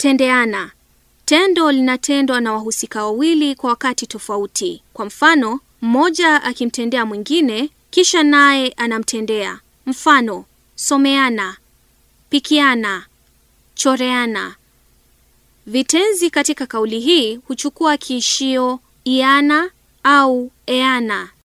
Tendeana. Tendo linatendwa na wahusika wawili kwa wakati tofauti. Kwa mfano, mmoja akimtendea mwingine, kisha naye anamtendea. Mfano, someana, pikiana, choreana. Vitenzi katika kauli hii huchukua kiishio iana au eana.